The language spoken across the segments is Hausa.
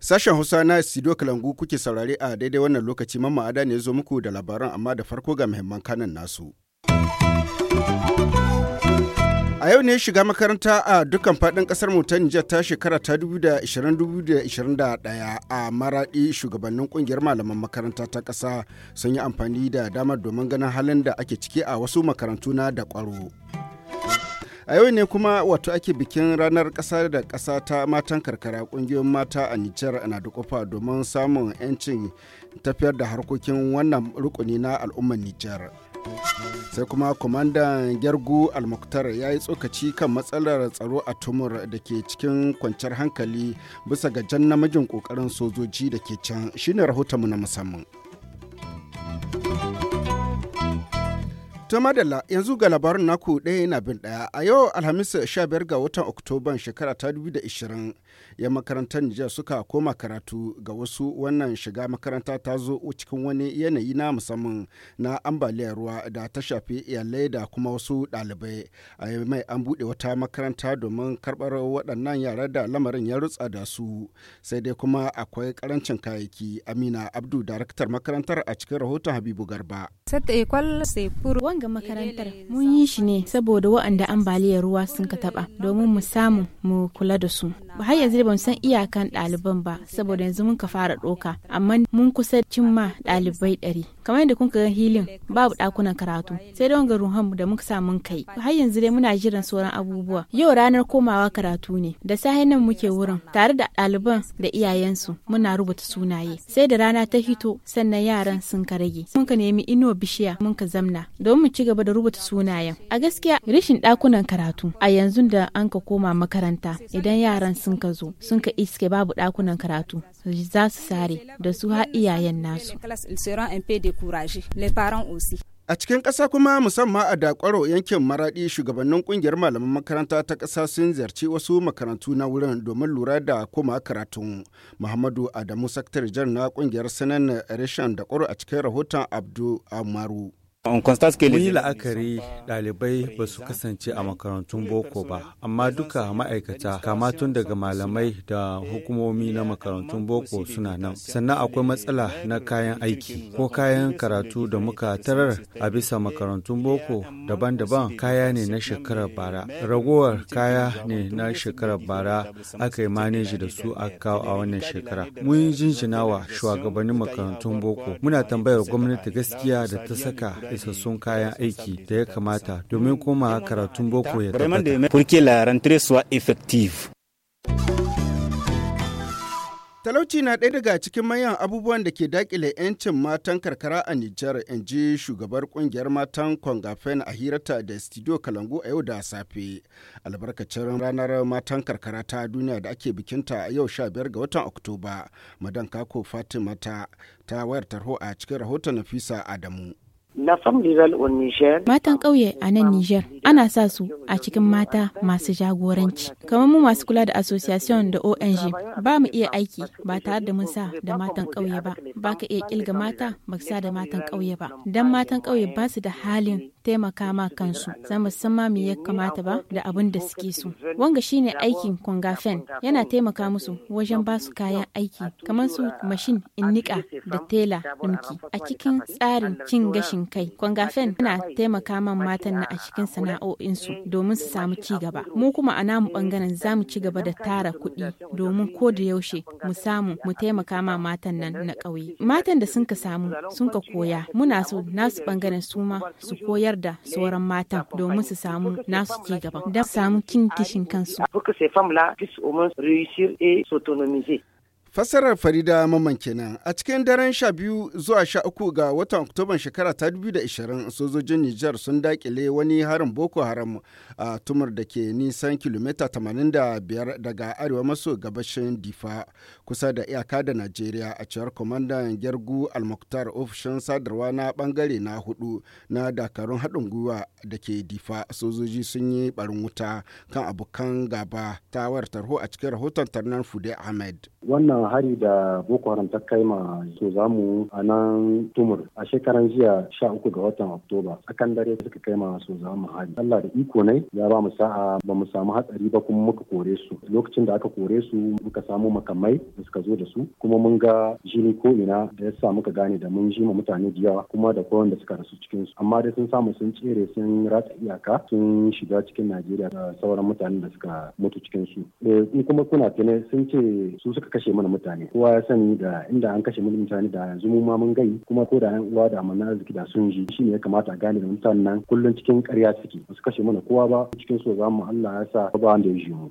Sashen Hausa na studio Kalangu kuke saurari a daidai wannan lokaci mamma ada ne zo muku da labaran amma da farko ga muhimman kanan nasu. A yau ne shiga makaranta a dukkan faɗin ƙasar mu ta Nijar ta shekara ta 2020-2021 a maraɗi shugabannin ƙungiyar malaman makaranta ta ƙasa sun yi amfani da damar domin ganin halin da ake ciki a wasu makarantu na da ƙwaro. A yau ne kuma wato ake bikin ranar kasa da kasa ta matan karkara ƙungiyoyin mata a Nijar na da ƙofa domin samun 'yancin tafiyar da harkokin wannan rukuni na al'ummar Nijar. sai kuma kwamandan gyargu almuktar ya yi tsokaci kan matsalar tsaro a tumur da ke cikin kwanciyar hankali bisa ga jan namijin kokarin sojoji da ke can shine rahotonmu na musamman tuma madalla yanzu ga labarin naku ɗaya yana bin ɗaya a yau Alhamis 15 ga watan Oktoban shekara ta 2020 'yan makarantar Nijar suka koma karatu ga wasu wannan shiga makaranta ta zo cikin wani yanayi na musamman na ambaliyar ruwa da ta shafi iyalai da kuma wasu ɗalibai. A mai an buɗe wata makaranta domin karɓar waɗannan yara da lamarin ya rutsa da su sai dai kuma akwai ƙarancin kayayyaki Amina Abdu daraktar makarantar a cikin rahoton Habibu Garba. Sata wanga makarantar mun yi shi ne saboda waɗanda ambaliyar ruwa sun ka taɓa domin mu samu mu kula da su. har yanzu da ban san iyakan ɗaliban ba saboda yanzu mun ka fara ɗoka amma mun kusa cimma ɗalibai ɗari kamar yadda kuka ga hilin babu ɗakunan karatu sai don ga ruhan da muka sa mun kai har yanzu dai muna jiran sauran abubuwa yau ranar komawa karatu ne da safe nan muke wurin tare da ɗaliban da iyayensu muna rubuta sunaye sai da rana ta hito sannan yaran sun ka rage mun ka nemi ino bishiya mun ka zamna don mu ci gaba da rubuta sunayen a gaskiya rashin ɗakunan karatu a yanzu da an ka koma makaranta idan yaran sun ka zo sun ka iske babu ɗakunan karatu za su sare da su har iyayen nasu découragés, les parents A cikin ƙasa kuma musamman a dakwaro yankin maraɗi shugabannin ƙungiyar malaman makaranta ta ƙasa sun ziyarci wasu makarantu na wurin domin lura da koma karatun. Muhammadu Adamu Saktar Jan na ƙungiyar Sanan rishon da a cikin rahoton Abdu Amaru. Mun yi la'akari ɗalibai ba su kasance a makarantun boko ba, amma duka ma'aikata kama tun daga malamai da hukumomi na makarantun boko suna nan. Sannan akwai matsala na kayan aiki ko kayan karatu da muka tarar a bisa makarantun boko daban-daban kaya ne na shekarar bara. Ragowar kaya ne na shekarar bara aka yi maneji da su a kawo a wannan shekara. Mun jinjina shugabannin makarantun boko. Muna tambayar gwamnati gaskiya da ta saka isassun kayan aiki da ya kamata domin hmm. koma karatun boko ya tabbata. Talauci na ɗaya daga cikin manyan abubuwan da ke dakile 'yancin matan karkara a Nijar, in ji shugabar ƙungiyar matan Kwangafen a hirata da Studio Kalangu a yau da safe. Albarkacin ranar matan karkara ta duniya da ake bikinta a yau 15 ga watan Oktoba, Madan Kako Fatimata ta wayar tarho a cikin rahoton Nafisa Adamu. Matan ƙauye a nan Nijar ana sa su a cikin mata masu jagoranci. Kamar mu masu kula da association da ONG ba mu iya aiki ba tare da mun sa da matan ƙauye ba. Ba ka iya ƙilga mata ba sa da matan ƙauye ba. don matan ƙauye ba su da halin taimaka ma kansu za mu san ma me ya kamata ba da abin da suke so wanga shine aikin kwangafen yana taimaka musu wajen ba su kayan aiki kamar su mashin in nika da tela dinki a cikin tsarin cin gashin kai kwangafen yana taimaka man matan na a cikin sana'o'in su domin su samu ci gaba mu kuma a namu bangaren za mu ci gaba da tara kuɗi domin ko da yaushe mu samu mu taimaka ma matan nan na ƙauye matan da sun ka samu sun ka koya muna so nasu bangaren su ma su koyar da sauran matan domin su samu nasu ci gaban da samu kin kishin kansu. Fassarar Farida Maman kenan a cikin daren 12 zuwa 13 ga watan Oktoban shekara ta 2020 sojojin Nijar sun dakile wani harin Boko Haram a tumur da ke nisan kilomita 85 daga arewa maso gabashin Difa kusa da iyaka da Najeriya a cewar kwamandan Gergu Almuktar ofishin sadarwa na bangare na hudu na dakarun haɗin gwiwa da ke Difa sojoji sun yi barin wuta kan abokan gaba ta wayar tarho a cikin rahoton Tarnan Fude Ahmed. wannan hari da boko haram ta kai ma so zamu a nan tumur a shekaran jiya sha uku ga watan oktoba tsakan dare suka kai ma so zamu hari allah da iko ne ya ba mu sa'a ba mu samu hatsari ba kuma muka kore su lokacin da aka kore su muka samu makamai da suka zo da su kuma mun ga jini ko ina da ya sa muka gane da mun ji ma mutane da yawa kuma da kowanne da suka rasu cikin su amma dai sun samu sun tsere sun ratsa iyaka sun shiga cikin najeriya da sauran mutanen da suka mutu cikin su eh, kuma kuna tene sun ce su suka kashe mana mutane kowa ya sani da inda an kashe mana mutane da yanzu mu ma mun gai kuma ko da yan uwa da amana arziki da sun ji shine ya kamata a gane da mutanen nan kullun cikin karya suke ba su kashe mana kowa ba cikin so zamu Allah ya sa ba wanda ya ji mu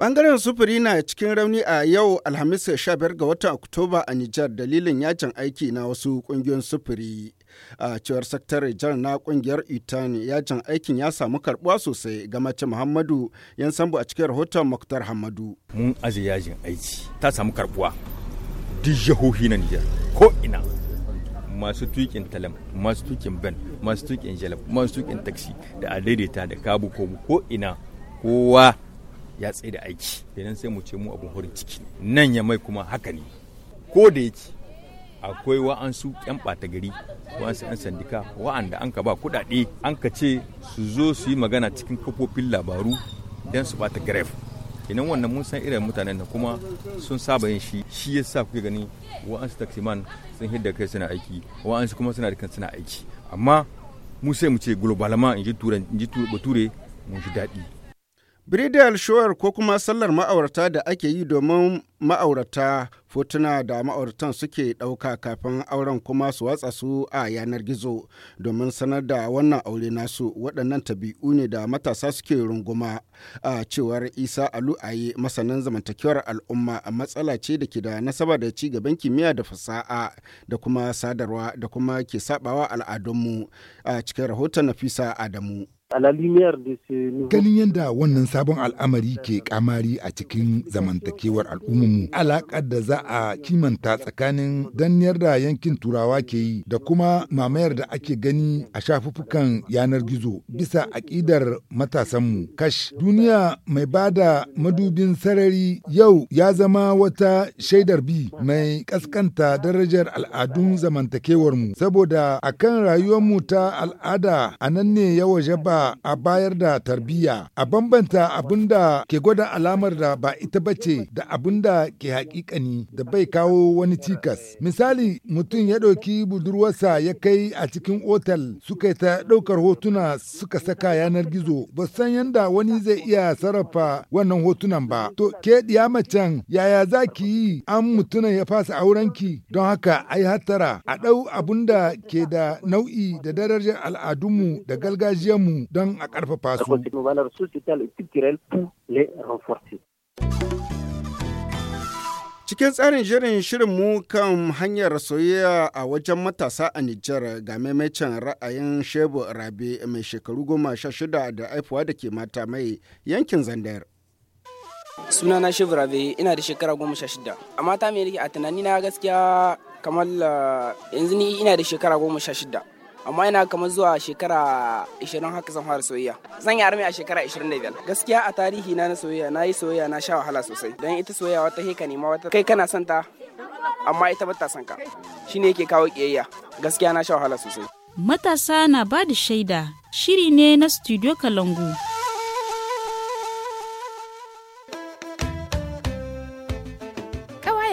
Bangaren sufuri na cikin rauni a yau Alhamis 15 ga watan Oktoba a Nijar dalilin yajin aiki na wasu ƙungiyoyin sufuri. a cewar sakatare jan na kungiyar itan yajin aikin ya samu karbuwa sosai ga mace muhammadu yan sambu a cikin rahoton maktar hamadu mun aje yajin aiki ta samu karbuwa duk jihohi na nijar ko ina masu tukin talam masu tukin ben masu tukin jalab masu tukin taksi da a daidaita da kabu kobu ko ina kowa ya tsaye da aiki kenan sai mu ce mu abun hurin ciki nan ya mai kuma haka ne ko da yake akwai wa'ansu 'yan ɓata gari wa'ansu 'yan sandika wa'anda an ka ba kuɗaɗe an ka ce su zo su yi magana cikin kafofin labaru don su ɓata gref idan wannan mun san irin mutanen da kuma sun saba yin shi shi ya sa kuke gani wa'ansu taximan sun hidda kai suna aiki wa'ansu kuma suna da kan suna aiki amma mu sai mu ce globalama in ji ture mun ji daɗi Bridal shower ko kuma sallar ma'aurata da ake yi domin ma'aurata fotuna da ma'auratan suke ɗauka kafin auren kuma su watsa su a yanar gizo domin sanar da wannan aure nasu waɗannan tabi'u ne da matasa suke runguma a cewar isa alu'ayi masanin zamantakewar al'umma a matsala ce da ke da nasaba da ci gaban kimiyya da fasaha da kuma sadarwa da kuma ke sabawa al'adunmu a cikin rahoton nafisa adamu Ganin yadda wannan sabon al'amari ke kamari a cikin zamantakewar al'ummu alaƙar da za a kimanta tsakanin danniyar da yankin turawa ke yi da kuma mamayar da ake gani a shafuffukan yanar gizo bisa aƙidar matasanmu. Kash, duniya mai ba da madubin sarari yau ya zama wata shaidar bi mai ƙaskanta darajar al'adun zamantakewarmu saboda akan rayuwarmu ta al'ada a nan ne ya waje ba a bayar da tarbiyya a bambanta abin da ke gwada alamar da ba ita bace da abin da ke hakikani da bai kawo wani cikas misali mutum ya ɗauki budurwarsa ya kai a cikin otal suka ta ɗaukar hotuna suka saka yanar gizo ba san yadda wani zai iya sarrafa wannan hotunan ba to ke ɗiya macen yaya za ki yi an mutunan ya fasa aurenki don haka ai hattara a ɗau abun da ke da nau'i da darajar al'adunmu da gargajiyarmu don a karfafa su. Cikin tsarin shirin shirin mu kan hanyar soyayya a wajen matasa a Nijar ga maimacin ra'ayin Shebu Rabe mai shekaru goma sha shida da aifuwa da ke mata mai yankin Zandar. Sunana Shebu Rabe ina da shekara goma sha shida. A mata mai a tunani na gaskiya kamar eh, yanzu ni ina da shekara goma sha shida. amma yana kamar zuwa shekara 20 haka zan fara soyayya zan yi armi a shekara 25 gaskiya a tarihi na na soyayya na yi soyayya na sha wahala sosai don ita soyayya wata heka ne ma wata kai kana son ta amma ita bata son ka shine yake kawo kiyayya gaskiya na sha wahala sosai matasa na ba da shaida shiri ne na studio kalangu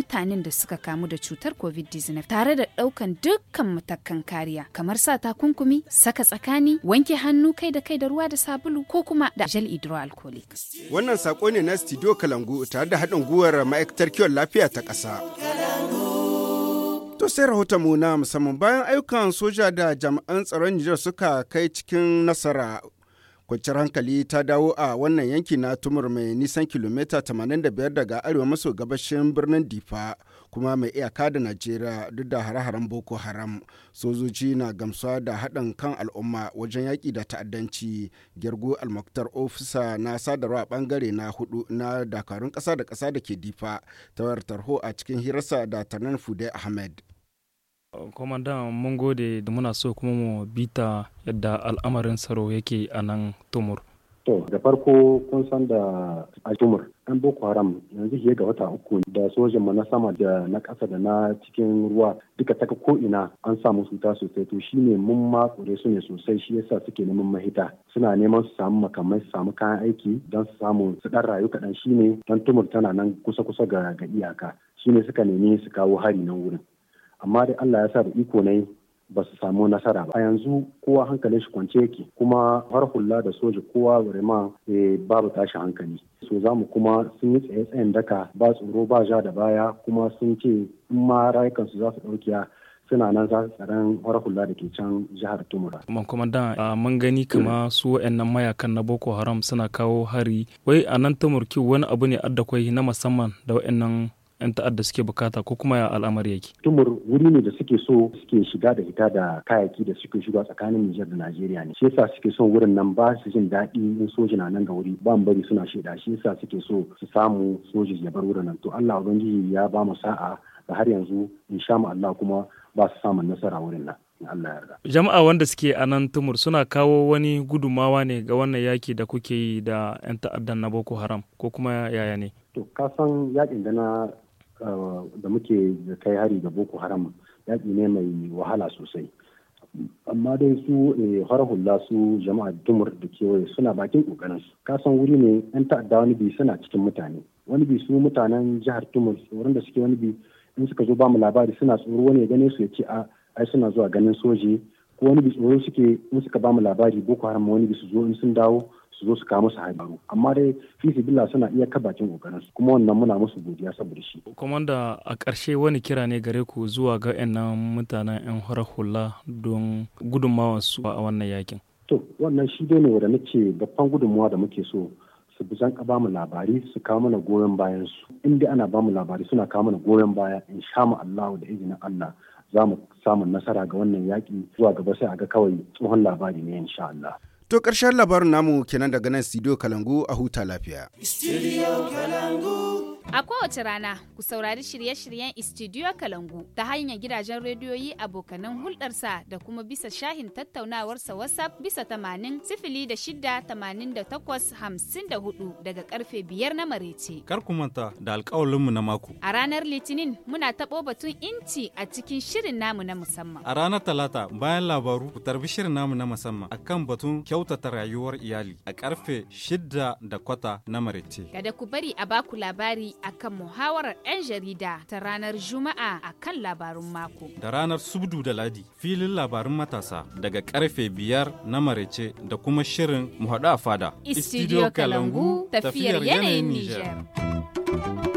mutanen da suka kamu da cutar covid-19 tare da ɗaukan dukkan matakan kariya kamar sa takunkumi saka tsakani wanke hannu kai da kai da ruwa da sabulu ko kuma da gel hydroalcoholic wannan sako ne na studio kalangu tare da haɗin gwiwar ma'aikatar kiwon lafiya ta ƙasa. To sai rahoton mu na musamman bayan ayyukan soja da jami'an tsaron Nijar suka kai cikin nasara kwanciyar hankali ta dawo a wannan yanki na tumur mai nisan kilomita 85 daga arewa maso gabashin birnin difa kuma mai iyaka da najeriya duk da hare-haren boko haram sojoji na gamsuwa da haɗin kan al'umma wajen yaƙi da ta'addanci gergo almaktar ofisa na sadarwa ɓangare na hudu na dakarun ƙasa da ƙasa da ke difa ta wayar tarho a cikin hirarsa da tarnan fude ahmed Komandan mun gode da muna so kuma mu bita yadda al'amarin tsaro yake a nan tumur. To da farko kun san da a tumur ɗan Boko Haram yanzu fiye ga wata uku da sojin mu na sama da na ƙasa da na cikin ruwa duka taka ko'ina an sa musu ta sosai to shine mun ma su ne sosai shi yasa suke neman mahita suna neman su samu makamai su samu kayan aiki don su samu su ɗan rayu kaɗan shi ne dan tumur tana nan kusa kusa ga iyaka shi ne suka nemi su kawo hari nan wurin. amma dai Allah ya sa da iko ne ba su samu nasara ba a yanzu kowa hankalin shi kwance yake kuma har hula da soja kowa burema eh, babu tashi hankali so za mu kuma sun yi tsaye tsayen daka ba tsoro ba ja da baya kuma sun ce in ma rayukansu za su ɗaukiya suna nan za su tsaron har hula da ke can jihar tumura. kuma kuma da mun gani kama su wa'annan mayakan na boko haram suna kawo hari wai a nan tumurki wani abu ne adda kwai na musamman da waɗannan. 'yan ta'adda suke bukata ko kuma ya al'amar yake? Tumur wuri ne da suke so suke shiga da ita da kayaki da suke shiga tsakanin Nijar da Najeriya ne. Shi yasa suke son wurin nan ba su jin daɗi in sojin na nan ga wuri ba bari suna shaida shi yasa suke so su samu soji ya bar wurin nan. To Allah Ubangiji ya ba mu sa'a da har yanzu mu Allah kuma ba su samun nasara wurin nan. Jama'a wanda suke a nan tumur suna kawo wani gudumawa ne ga wannan yaki da kuke yi da 'yan ta'addan na Boko Haram ko kuma yaya ne? To, kasan yakin da na da muke kai hari da boko haram yaƙi ne mai wahala sosai amma dai su eh, har hula su jama'a dumur da kewaye suna bakin kokarin su kasan wuri ne yan ta'adda wani bi suna cikin mutane wani bi su mutanen jihar tumur tsoron da suke wani bi in suka zo bamu labari suna tsoro wani ya gane su ya ce a ai suna zuwa ganin soji ko wani bi tsoro suke in suka bamu labari boko haram wani bi su zo in sun dawo su zo su kawo musu haibaru amma dai fisi billa suna iya kabacin kokarin su kuma wannan muna musu godiya saboda shi komanda a ƙarshe wani kira ne gare ku zuwa ga 'yan mutanen yan horar hula don gudunmawa su a wannan yakin to wannan shi dai ne wanda nake babban gudunmawa da muke so su bi zan ba mu labari su kawo mana goyon bayan su dai ana ba mu labari suna kawo mana goyon baya in sha mu Allah da izinin Allah za mu samun nasara ga wannan yaƙi zuwa gaba sai a ga kawai tsohon labari ne insha Allah To ƙarshen labarin namu kenan daga nan Studio Kalangu a huta lafiya. Studio Kalangu. A kowace rana ku saurari shirye-shiryen Studio Kalangu ta hanyar gidajen rediyoyi abokanan hulɗarsa da kuma bisa shahin tattaunawarsa WhatsApp bisa tamanin sifili da shida tamanin da takwas hamsin da hudu daga karfe biyar na marece. Kar ku manta da alƙawalinmu na mako. A ranar Litinin muna taɓo batun inci a cikin shirin namu na musamman. A ranar Talata bayan labaru ku tarbi shirin namu na musamman akan batun kyau kyautata rayuwar iyali a karfe shidda da kwata na marece. Kada ku bari a baku labari akan muhawarar 'yan jarida ta ranar Juma'a akan labarun mako. Da ranar Subdu da Ladi filin labarun matasa daga karfe biyar na marece da kuma shirin mu a fada. Istidiyo Kalangu tafiyar yanayin Nijar.